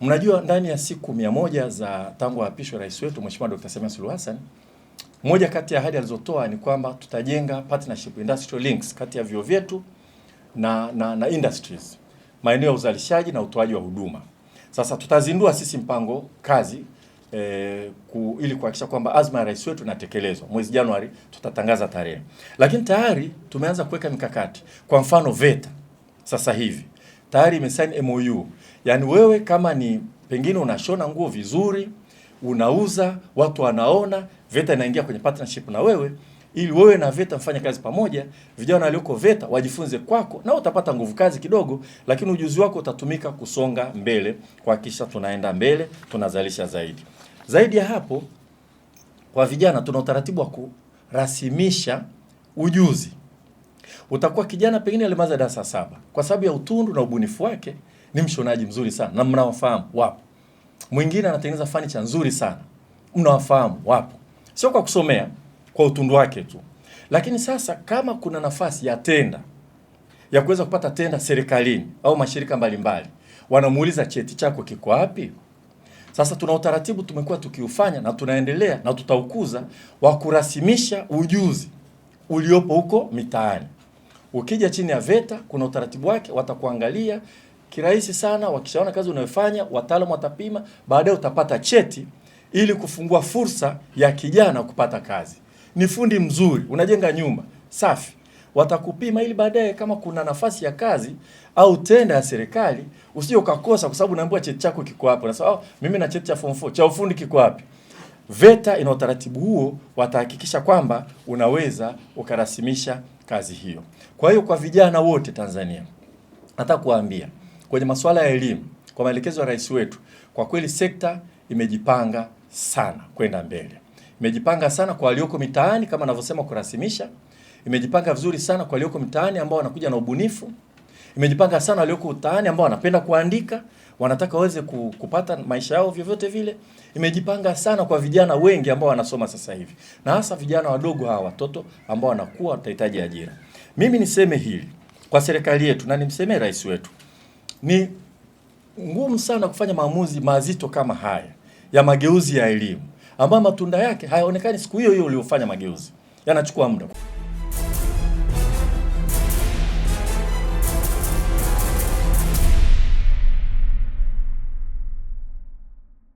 Mnajua ndani ya siku mia moja za tangu aapishwe rais wetu Mheshimiwa Dr. Samia Suluhu Hassan, moja kati ya ahadi alizotoa ni kwamba tutajenga partnership industrial links kati ya vyuo vyetu na, na, na industries, maeneo ya uzalishaji na utoaji wa huduma. Sasa tutazindua sisi mpango kazi eh, ku, ili kuhakikisha kwamba azma ya rais wetu inatekelezwa. Mwezi Januari tutatangaza tarehe, lakini tayari tumeanza kuweka mikakati. Kwa mfano VETA sasa hivi tayari imesaini MOU Yaani wewe kama ni pengine unashona nguo vizuri, unauza, watu wanaona, VETA inaingia kwenye partnership na wewe ili wewe na VETA mfanye kazi pamoja, vijana walioko VETA wajifunze kwako, na utapata nguvu kazi kidogo, lakini ujuzi wako utatumika kusonga mbele, kuhakikisha tunaenda mbele, tunazalisha zaidi. Zaidi ya hapo, kwa vijana tuna utaratibu wa kurasimisha ujuzi. Utakuwa kijana pengine alimaliza darasa saba, kwa sababu ya utundu na ubunifu wake ni mshonaji mzuri sana na mnawafahamu wapo. Mwingine anatengeneza fanicha nzuri sana, mnawafahamu wapo, sio kwa kusomea, kwa utundu wake tu. Lakini sasa kama kuna nafasi ya tenda ya kuweza kupata tenda serikalini au mashirika mbalimbali, wanamuuliza cheti chako kiko wapi? Sasa tuna utaratibu tumekuwa tukiufanya na tunaendelea na tutaukuza wa kurasimisha ujuzi uliopo huko mitaani. Ukija chini ya VETA kuna utaratibu wake, watakuangalia kirahisi sana. Wakishaona kazi unayofanya, wataalamu watapima, baadaye utapata cheti ili kufungua fursa ya kijana kupata kazi. Ni fundi mzuri, unajenga nyumba safi, watakupima ili baadaye kama kuna nafasi ya kazi au tenda ya serikali usije ukakosa, kwa sababu unaambiwa cheti chako kiko hapo, na sababu oh, mimi na cheti cha form 4 cha ufundi kiko wapi? VETA ina utaratibu huo, watahakikisha kwamba unaweza ukarasimisha kazi hiyo. Kwa hiyo kwa vijana wote Tanzania, nataka kuwaambia kwenye masuala ya elimu kwa maelekezo ya rais wetu, kwa kweli sekta imejipanga sana kwenda mbele, imejipanga sana kwa walioko mitaani kama anavyosema kurasimisha, imejipanga vizuri sana kwa walioko mitaani ambao wanakuja na ubunifu, imejipanga sana walioko mtaani ambao wanapenda kuandika, wanataka waweze kupata maisha yao vyovyote vile, imejipanga sana kwa vijana wengi ambao wanasoma sasa hivi, na hasa vijana wadogo hawa watoto ambao wanakuwa watahitaji ajira. Mimi niseme hili kwa serikali yetu na nimsemee rais wetu ni ngumu sana kufanya maamuzi mazito kama haya ya mageuzi ya elimu ambayo matunda yake hayaonekani siku hiyo hiyo uliofanya mageuzi, yanachukua muda.